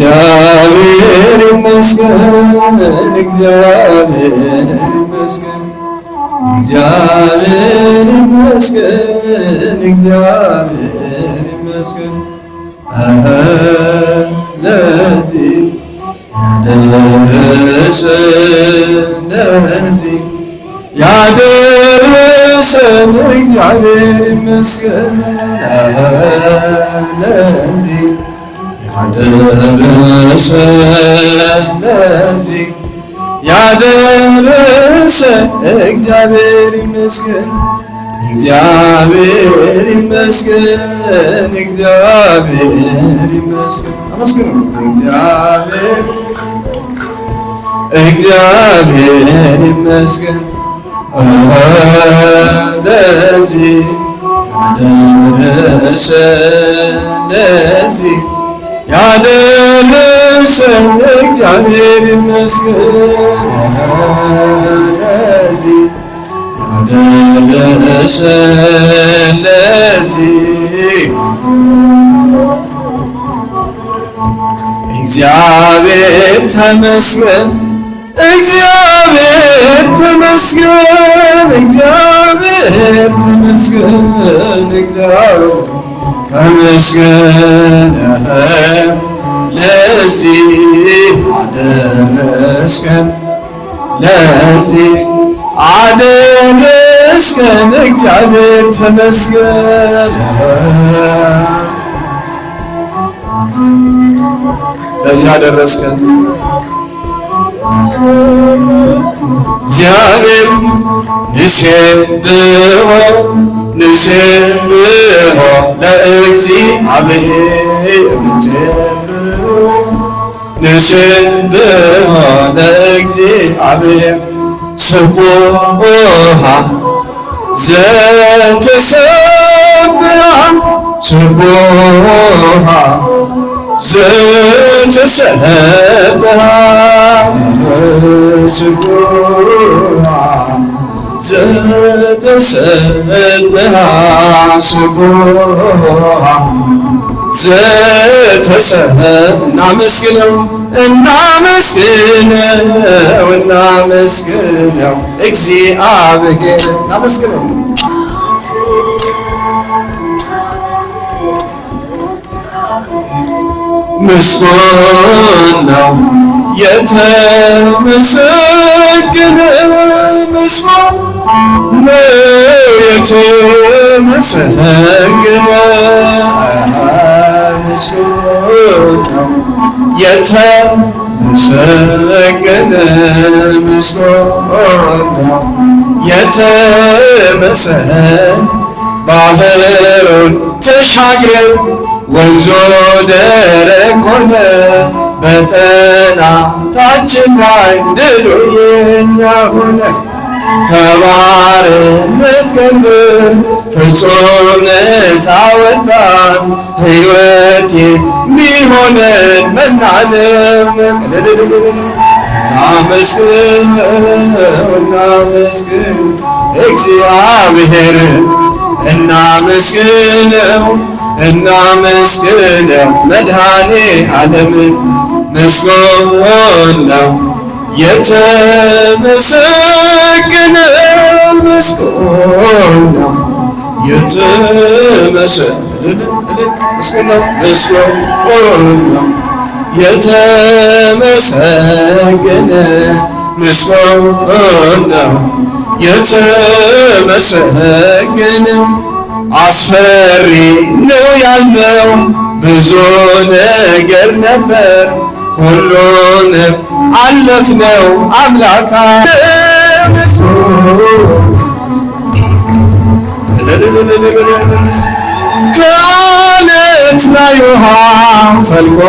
እግዚአብሔር ይመስገን፣ እግዚአብሔር ይመስገን፣ እግዚአብሔር ይመስገን፣ እግዚአብሔር ይመስገን። ለዚህ ያደረሰን ለዚህ ያደረሰን እግዚአብሔር ይመስገን ለዚህ ያደረሰ ለዚህ ያደረሰ እግዚአብሔር ይመስገን እግዚአብሔር ይመስገን እግዚአብሔር ይመስገን እግዚአብሔር ይመስገን ለዚህ ያደረሰ ለዚህ ያደረሰን እግዚአብሔር ይመስገን። ለዚህ ያደረሰን ለዚህ እግዚአብሔር ተመስገን፣ እግዚአብሔር ተመስገን፣ እግዚአብሔር ተመስገን፣ እግዚአብሔር ተመስገን ለዚህ አደረስከን ለዚህ አደረስከን እግዚአብሔር ተመስገን ለዚህ አደረስከን እግዚአብሔር ንሼ ብሆን ንስብሖ ለእግዚአብሔር ንስብሖ ንስብሖ ለእግዚአብሔር ስቡሃ ዘተሰብሐ ስቡሃ ዘተሰብሃ ስቡሃ ዘተሰብሃ እናመስግነው እናመስግነው እናመስግነው እግዚአብሔር እናመስግነው። ምስጉን ነው የተመሰገነ ምስጉን ምየቱ ምስግነ ምስሎታው የተመሰገነ ምስሎታው የተመሰገነ ባህሩን ተሻግረን ወንዞ ደረቅ ሆነ በጠናታችን ላይ ድሉ የኛ ሆነ ከባርነት ቀንበር ፍጹም ነፃ ወጣን። ሕይወት የሚሆነን መናንም እናመስግነው እናመስግን እግዚአብሔርን እናመስግነው እናመስግነው መድኃኔ ዓለምን ነው የተመሰገነ ምስጋና የተመሰገነ የተመሰገነ ምስጋና የተመሰገነ አስፈሪ ነው ያልነው ብዙ ነገር ነበር ሁሉንም አለፍ ነው አምላካ ከአለት ላይ ውሃ ፈልቆ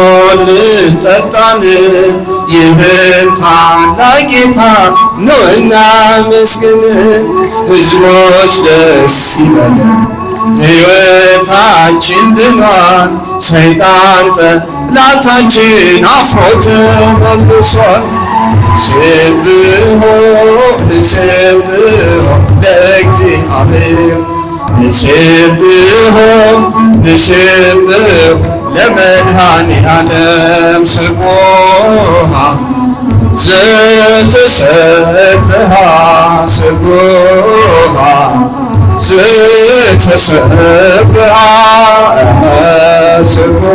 ልንጠጣን ይህን ታላቅ ጌታ ነውና መስገን ሕዝቦች ደስ ይበለን ሕይወታችን ድኗል ሰይጣን ጠ! ላታችን አፎት መልሷል። ስብሖ ንስብሖ ለእግዚአብሔር ንስብሖ ንስብሖ ለመድኃኔዓለም ስቡሕ ዘትሰብሐ ስቡሕ ዘተሰብአ ስግዋ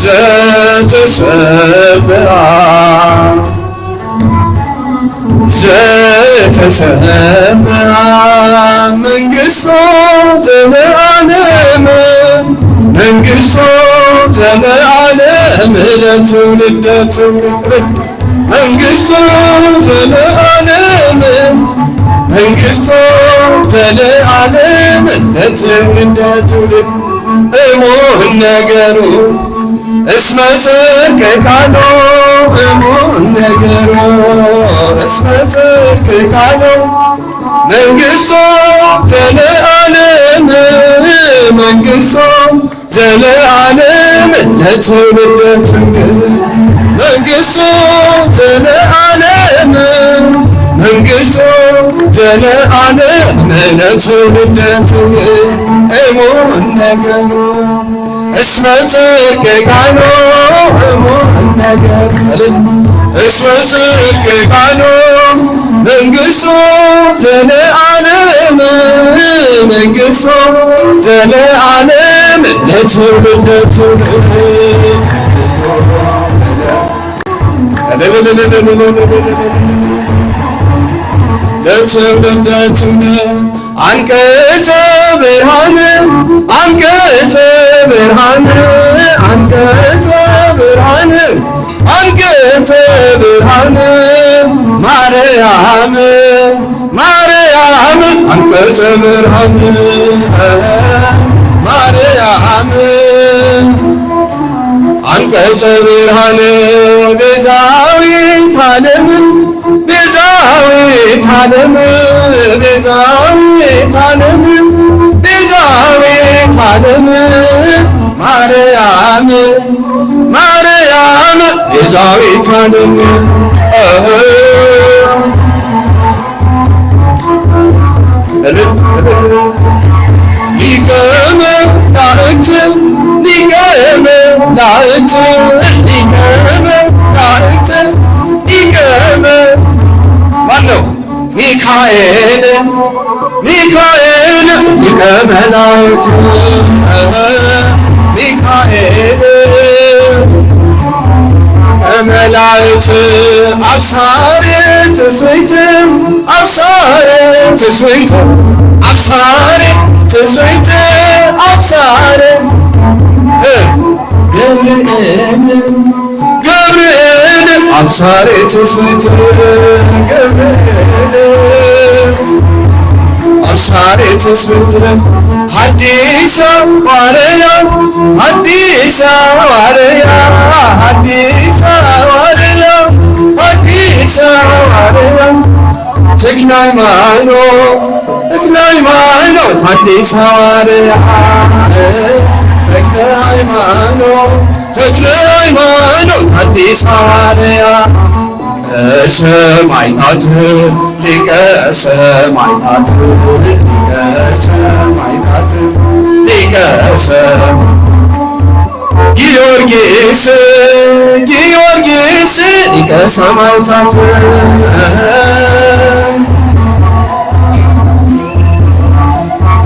ዘተሰብአ ዘተሰብአ መንግሥቶ ዘለዓለም መንግሥቶ ዘለዓለም ለትውልደ ትውልድ ዘለዓለም መንግሥቱም ዘለዓለም ነትም እንደትውልድ እሙን ነገሩ እስመ ጽድቅ ቃሎ እሙን ነገሩ እስመ ጽድቅ ቃሎ መንግሥቱም ዘለዓለም መንግሥቱም ዘለዓለም ለትውልደ ትውልድ መንግሥቱም ዘለዓለም መንግሥቱ ዘለዓለም ለትውልደ ትውልድ እሙን ነገሩ እስመ ጽድቅከ እሙን ነገሩ እስመ ጽድቅከ መንግሥቱ ዘለዓለም መንግሥቱ ዘለዓለም ለትውልደ ትውልድ ለትውልደቱን አንቀጸ ብርሃን አንቀጸ ብርሃን አንቀጸ ብርሃን አንቀጸ ብርሃን ማርያም ማርያም አንቀጸ ብርሃን ማርያም አንቀጸ ብርሃን ቤዛዊት ዓለም ቤዛዊተ ዓለም ቤዛዊተ ዓለም ማርያም ማርያም ቤዛዊተ ዓለም ሊቀ መላእክት ሊቀ መላእክት ሚካኤል ሚካኤል ሊቀ መላእክት ሚካኤል መላእክት አብሳሬ ትስብእት አብሳሬ ትስብእት አብሳሬ ትስብእት አብሳሬ ገብርኤል ገብርኤል አብሳሬ ትስብእት ገብርኤል ሳሬት ስፍትረ ሀዲስ ዋርያ ሀዲስ ዋርያ ሀዲስ ዋርያ ሀዲስ ዋርያ ተክለ ሃይማኖት ተክለ ሃይማኖት ሀዲስ ዋርያ ተክለ ሃይማኖት ተክለ ሃይማኖት ሀዲስ ዋርያ ሰማዕታት ሊቀ ሰማዕታት ሊቀ ሰማዕታት ሊቀ ጊዮርጊስ ጊዮርጊስ ሊቀ ሰማዕታት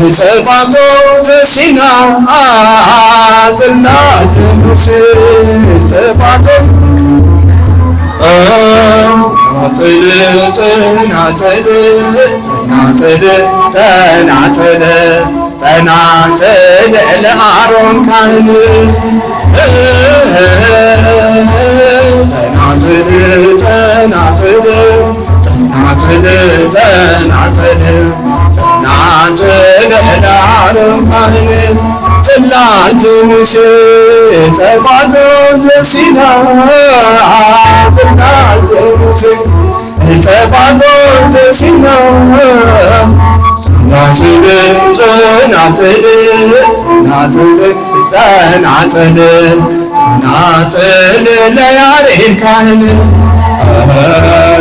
እጽፋቶ ዘሲና አጽና ዘሙስ እጽፋቶ አጽል ጽናጽል ጽናጽል ጸናጽል ጸናጽል ለአሮን ካህን ጸናጽል ጸናጽል ጸናጽል ጸናጽል ለአረማን ጽላት ሙሽ ጸባቶ ዘሲና ጽላት ሙሽ ጸባቶ ዘሲና ጽናጽል ጽናጽል ጽናጽል ጸናጽል ጸናጽል ለያሬድ ካህን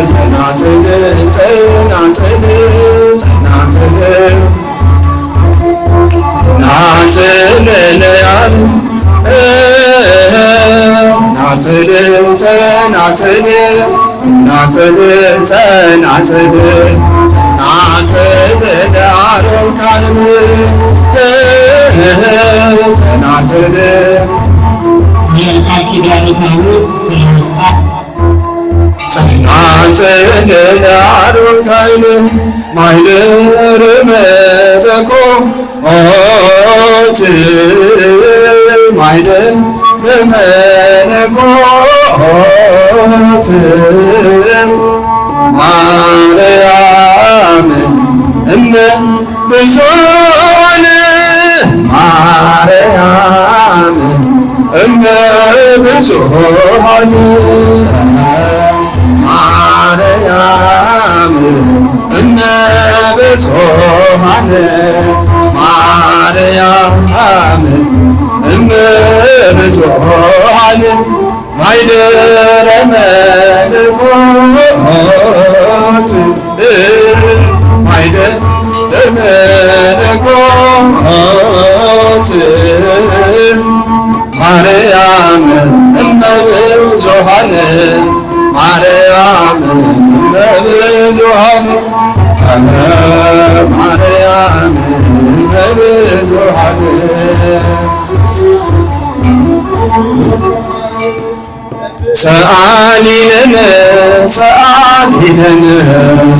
ጸናጽል ጸናጽል ጸናጽል ናጽልለያል ናጽል ጸናጽል ጸናጽል ጸናጽል ጸናጽል ካህን ጸናጽል የቃል ኪዳኑ ታቦት ስለመጣ ጽናጽን ያሩን ኃይል ማይልር መለኮ ኦት ማይልር መለኮ ማርያም እመ ብዙኃን ማርያም እመ ብዙኃን ማርያም እምብዙኃን ማኅደረ መለኮት ማኅደረ መለኮት ማርያም እምብዙኃን ማርያም እምብዙኃን ሰአሊ ለነ ሰአሊ ለነ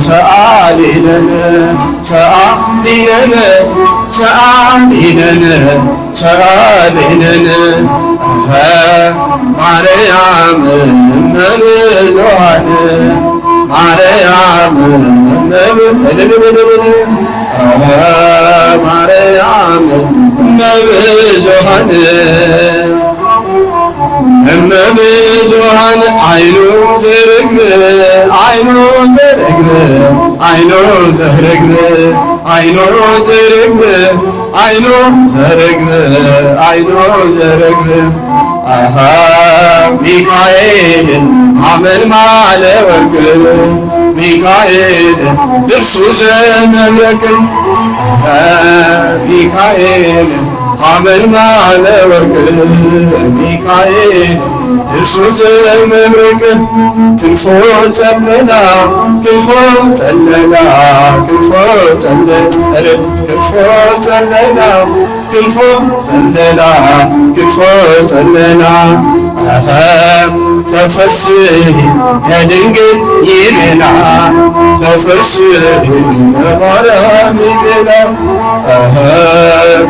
ሰአሊ ለነ ሰአሊ ለነ ሰአሊ ለነ ሰአሊ ለነ ማርያም እመብዙኃን ማርያም እመብ ማርያም እመብዙኃን እመብዙኃን አይኑ ዘርግብ አይኑ ዘርግብ አይኑ ዘርግብ አይኑ ዘርግብ አይኑ ዘርግብ አይኑ ዘርግብ ሚካኤልን አመልማለ ወርቅ ሚካኤልን ልብሱ ዘመብረቅን ሚካኤልን አመልማለ ወርቅ ሚካኤልን ልብሱ ዘመብረቅን ክንፎ ጸለላ ክንፎ ጸለላ ክንፎ ጸለላ ክንፎ ጸለላ ክንፎ ፀለላ ክንፎ ፀለላ ተፈስሒ ድንግል ይቤላ ተፈስሒ ማርያም ይቤላ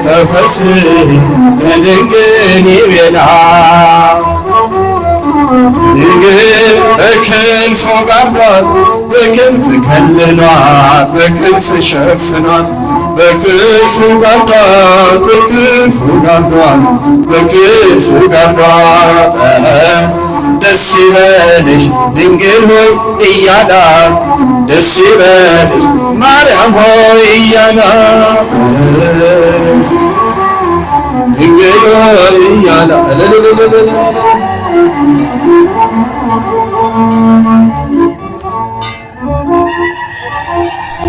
ተፈስሒ ድንግል ይቤላ ድንግል በክንፎ ጋርዷት በክንፍ ከልሏት በክንፍ ሸፍኗት በክፉ ጋርዷት በክፉ ጋርዷት በክፉ ጋርዷት ደስ ይበልሽ ድንግል ሆይ እያላት ደስ ይበልሽ ማርያም ሆይ እያላት ድንግል ሆይ እያላት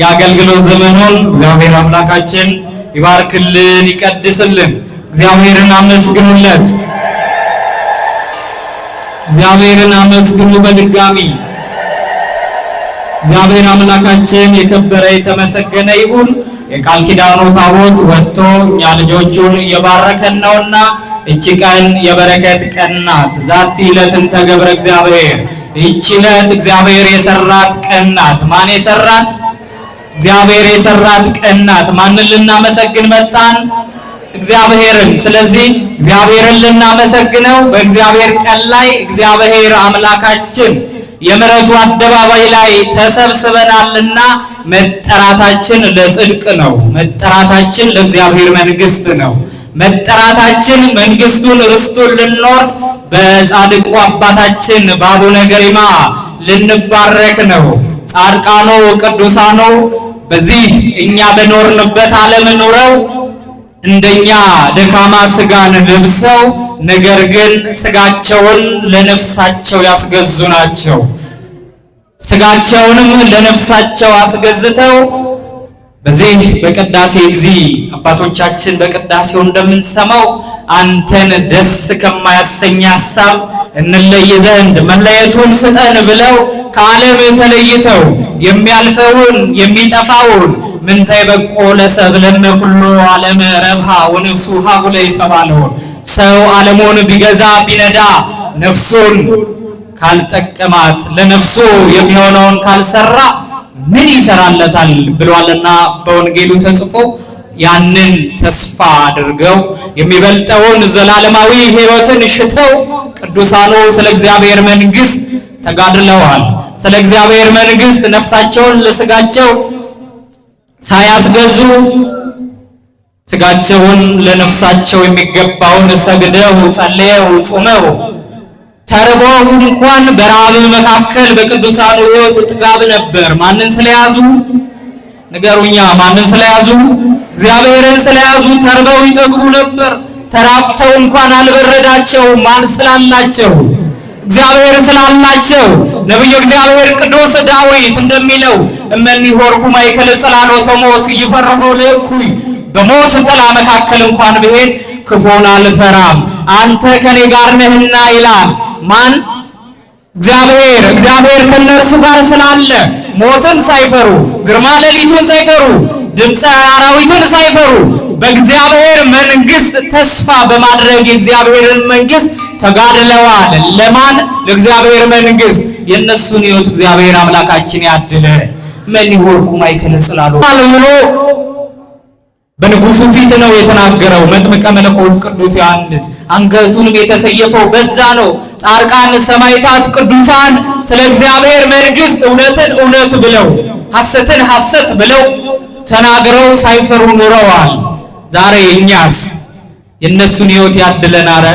የአገልግሎት ዘመኑን እግዚአብሔር አምላካችን ይባርክልን፣ ይቀድስልን። እግዚአብሔርን አመስግኑለት። እግዚአብሔርን አመስግኑ በድጋሚ። እግዚአብሔር አምላካችን የከበረ የተመሰገነ ይሁን። የቃል ኪዳኑ ታቦት ወጥቶ እኛ ልጆቹን እየባረከን ነውና እቺ ቀን የበረከት ቀን ናት። ዛቲ ዕለትን ተገብረ እግዚአብሔር፣ እቺ ዕለት እግዚአብሔር የሰራት ቀን ናት። ማን የሰራት? እግዚአብሔር የሰራት ቀናት ማንን ልናመሰግን መጣን? እግዚአብሔርን። ስለዚህ እግዚአብሔርን ልናመሰግነው በእግዚአብሔር ቀን ላይ እግዚአብሔር አምላካችን የምሕረቱ አደባባይ ላይ ተሰብስበናልና መጠራታችን ለጽድቅ ነው። መጠራታችን ለእግዚአብሔር መንግስት ነው። መጠራታችን መንግስቱን ርስቱን ልንወርስ በጻድቁ አባታችን በአቡነ ገሪማ ልንባረክ ነው። ጻድቃኖ ቅዱሳኖ በዚህ እኛ በኖርንበት ዓለም ኑረው እንደኛ ደካማ ስጋን ለብሰው ነገር ግን ስጋቸውን ለነፍሳቸው ያስገዙ ናቸው። ስጋቸውንም ለነፍሳቸው አስገዝተው በዚህ በቅዳሴ ጊዜ አባቶቻችን በቅዳሴው እንደምንሰማው አንተን ደስ ከማያሰኝ ሀሳብ እንለይ ዘንድ መለየቱን ስጠን ብለው ከዓለም ተለይተው የሚያልፈውን የሚጠፋውን ምንታይ በቆ ለሰብ ለነ ኩሎ ዓለም ረብሃ ወነፍሱ ሀቡለ የተባለውን ሰው ዓለሙን ቢገዛ ቢነዳ ነፍሱን ካልጠቀማት ለነፍሱ የሚሆነውን ካልሰራ ምን ይሰራለታል ብሏልና በወንጌሉ ተጽፎ ያንን ተስፋ አድርገው የሚበልጠውን ዘላለማዊ ሕይወትን ሽተው ቅዱሳኑ ስለ እግዚአብሔር መንግስት ተጋድለዋል። ስለ እግዚአብሔር መንግሥት ነፍሳቸውን ለስጋቸው ሳያስገዙ ስጋቸውን ለነፍሳቸው የሚገባውን ሰግደው፣ ጸልየው፣ ጾመው ተርበው እንኳን በረሃብ መካከል በቅዱሳኑ ሕይወት ጥጋብ ነበር። ማንን ስለያዙ ንገሩኛ? ማንን ስለያዙ? እግዚአብሔርን ስለያዙ ተርበው ይጠግቡ ነበር። ተራቁተው እንኳን አልበረዳቸው። ማን ስላላቸው? እግዚአብሔር ስላላቸው። ነቢዩ እግዚአብሔር ቅዱስ ዳዊት እንደሚለው እመኒ ሆርኩ ማእከለ ጽላሎተ ሞት ይፈርሆ ለእኩይ፣ በሞት ጥላ መካከል እንኳን ብሄድ ክፉን አልፈራም አንተ ከኔ ጋር ነህና ይላል። ማን? እግዚአብሔር። እግዚአብሔር ከነርሱ ጋር ስላለ ሞትን ሳይፈሩ ግርማ ሌሊቱን ሳይፈሩ ድምፀ አራዊትን ሳይፈሩ በእግዚአብሔር መንግስት ተስፋ በማድረግ የእግዚአብሔርን መንግስት ተጋድለዋል። ለማን? ለእግዚአብሔር መንግስት። የእነሱን ህይወት እግዚአብሔር አምላካችን ያድለ መን ይወርኩ ማይከለ ጽላሉ ብሎ በንጉሱ ፊት ነው የተናገረው። መጥምቀ መለኮት ቅዱስ ዮሐንስ አንገቱንም የተሰየፈው በዛ ነው። ጻድቃን ሰማዕታት፣ ቅዱሳን ስለ እግዚአብሔር መንግስት እውነትን እውነት ብለው ሐሰትን ሐሰት ብለው ተናግረው ሳይፈሩ ኑረዋል። ዛሬ እኛስ የእነሱን ህይወት ያድለናረ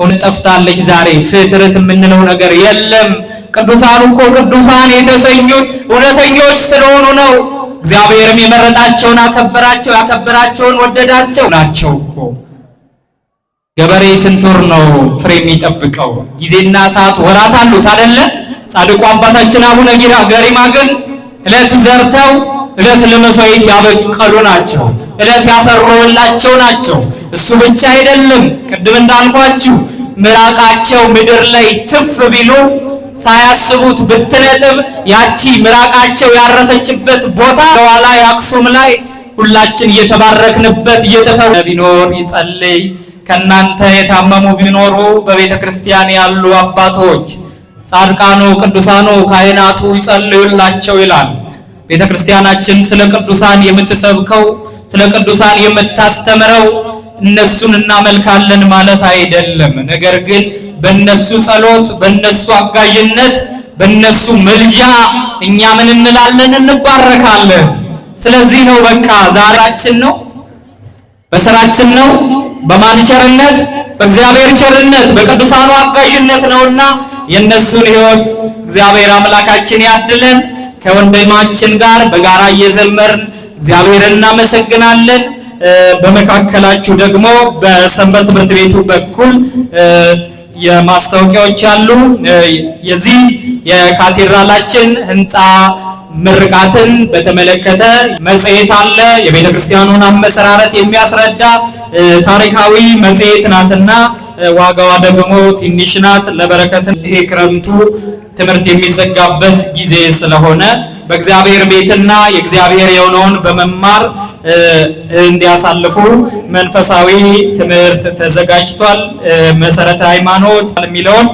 እውነት ጠፍታለች ዛሬ ፍትርት የምንለው ነገር የለም። ቅዱሳን እኮ ቅዱሳን የተሰኙት እውነተኞች ስለሆኑ ነው። እግዚአብሔርም የመረጣቸውን አከበራቸው፣ ያከበራቸውን ወደዳቸው ናቸው እኮ። ገበሬ ስንት ወር ነው ፍሬ የሚጠብቀው? ጊዜና ሰዓት ወራት አሉት አደለ? ጻድቁ አባታችን አቡነ ገሪማ ግን እለት ዘርተው እለት ለመፍሬት ያበቀሉ ናቸው። እለት ያፈሩላቸው ናቸው። እሱ ብቻ አይደለም፣ ቅድም እንዳልኳችሁ ምራቃቸው ምድር ላይ ትፍ ቢሉ ሳያስቡት ብትነጥብ ያቺ ምራቃቸው ያረፈችበት ቦታ በኋላ የአክሱም ላይ ሁላችን እየተባረክንበት እየተፈ ቢኖር ይጸልይ። ከእናንተ የታመሙ ቢኖሩ በቤተ ክርስቲያን ያሉ አባቶች፣ ጻድቃኑ፣ ቅዱሳኑ፣ ካህናቱ ይጸልዩላቸው ይላል። ቤተ ክርስቲያናችን ስለ ቅዱሳን የምትሰብከው ስለ ቅዱሳን የምታስተምረው እነሱን እናመልካለን ማለት አይደለም። ነገር ግን በእነሱ ጸሎት፣ በእነሱ አጋዥነት፣ በእነሱ ምልጃ እኛ ምን እንላለን? እንባረካለን። ስለዚህ ነው በቃ ዛራችን ነው፣ በስራችን ነው፣ በማን ቸርነት? በእግዚአብሔር ቸርነት፣ በቅዱሳኑ አጋዥነት ነውና የእነሱን ህይወት እግዚአብሔር አምላካችን ያድለን። ከወንድማችን ጋር በጋራ እየዘመርን እግዚአብሔር እናመሰግናለን። በመካከላችሁ ደግሞ በሰንበት ትምህርት ቤቱ በኩል የማስታወቂያዎች አሉ። የዚህ የካቴድራላችን ህንፃ ምርቃትን በተመለከተ መጽሔት አለ። የቤተ ክርስቲያኑን አመሰራረት የሚያስረዳ ታሪካዊ መጽሔት ናትና ዋጋዋ ደግሞ ትንሽ ናት። ለበረከት ይሄ ክረምቱ ትምህርት የሚዘጋበት ጊዜ ስለሆነ በእግዚአብሔር ቤትና የእግዚአብሔር የሆነውን በመማር እንዲያሳልፉ መንፈሳዊ ትምህርት ተዘጋጅቷል። መሰረተ ሃይማኖት የሚለውን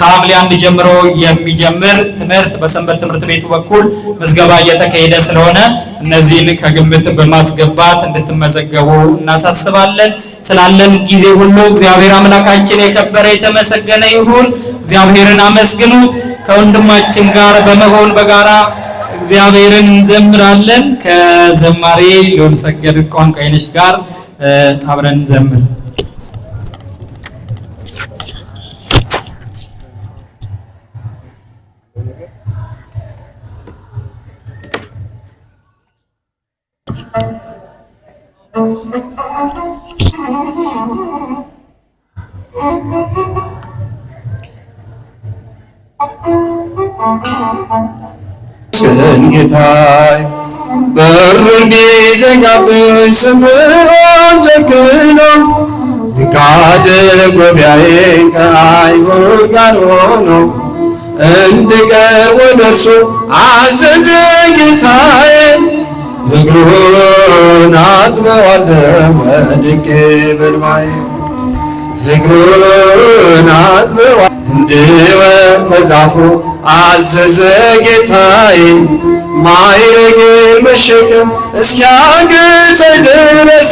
ከሐምሌ አንድ ጀምሮ የሚጀምር ትምህርት በሰንበት ትምህርት ቤቱ በኩል ምዝገባ እየተካሄደ ስለሆነ እነዚህን ከግምት በማስገባት እንድትመዘገቡ እናሳስባለን። ስላለን ጊዜ ሁሉ እግዚአብሔር አምላካችን የከበረ የተመሰገነ ይሁን። እግዚአብሔርን አመስግኑት። ከወንድማችን ጋር በመሆን በጋራ እግዚአብሔርን እንዘምራለን። ከዘማሬ ሎል ሰገድ ቋንቋይነሽ ጋር አብረን እንዘምር። የበዛብኝ ስምዖን ጀግና ካደ ጎቢያዬ ከአይሁድ ጋር ሆኖ እንድቀር ወደ እርሱ አዘዘ ጌታዬ። ዝግሩን አጥበዋለሁ ወድቄ በልባዬ ዝግሩን አጥበዋለሁ እንድወርድ ከዛፉ አዘዘ ጌታዬ። ማይረጌን መሸከም እስኪያቅት ድረስ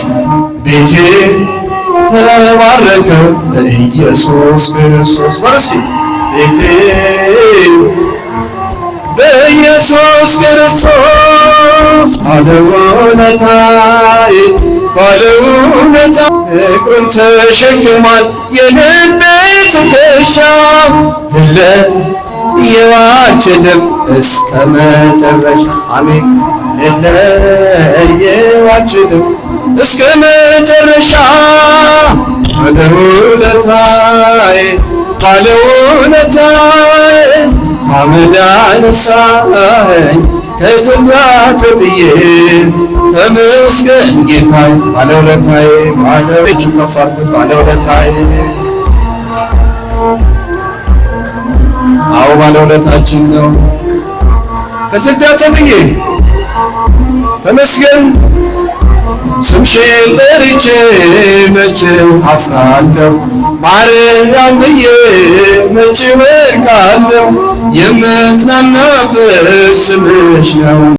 ቤቴ ተባረከ በኢየሱስ ክርስቶስ በርሲ ቤቴ በኢየሱስ ክርስቶስ ባለውነታይ ባለውነታ ፍቅሩን ተሸክሟል የልቤ ትከሻ የዋችንም እስከ መጨረሻ አሜን የዋችንም እስከ መጨረሻ ባለውለታዬ ባለውለታዬ ከአመድ አነሳኸኝ ከትምራት ጥዬ ተመስገን ጌታዬ ባለውለታዬ ባለ እጅ ከፋልኩት ባለውለታዬ አዎ ባለውለታችን ነው። ከትዳ ተብዬ ተመስገን ስምሽን ጠርቼ መቼም አፍራለሁ ማርያም ብዬ መቼ በቃለሁ የምጽናናበት ስምሽ ነው።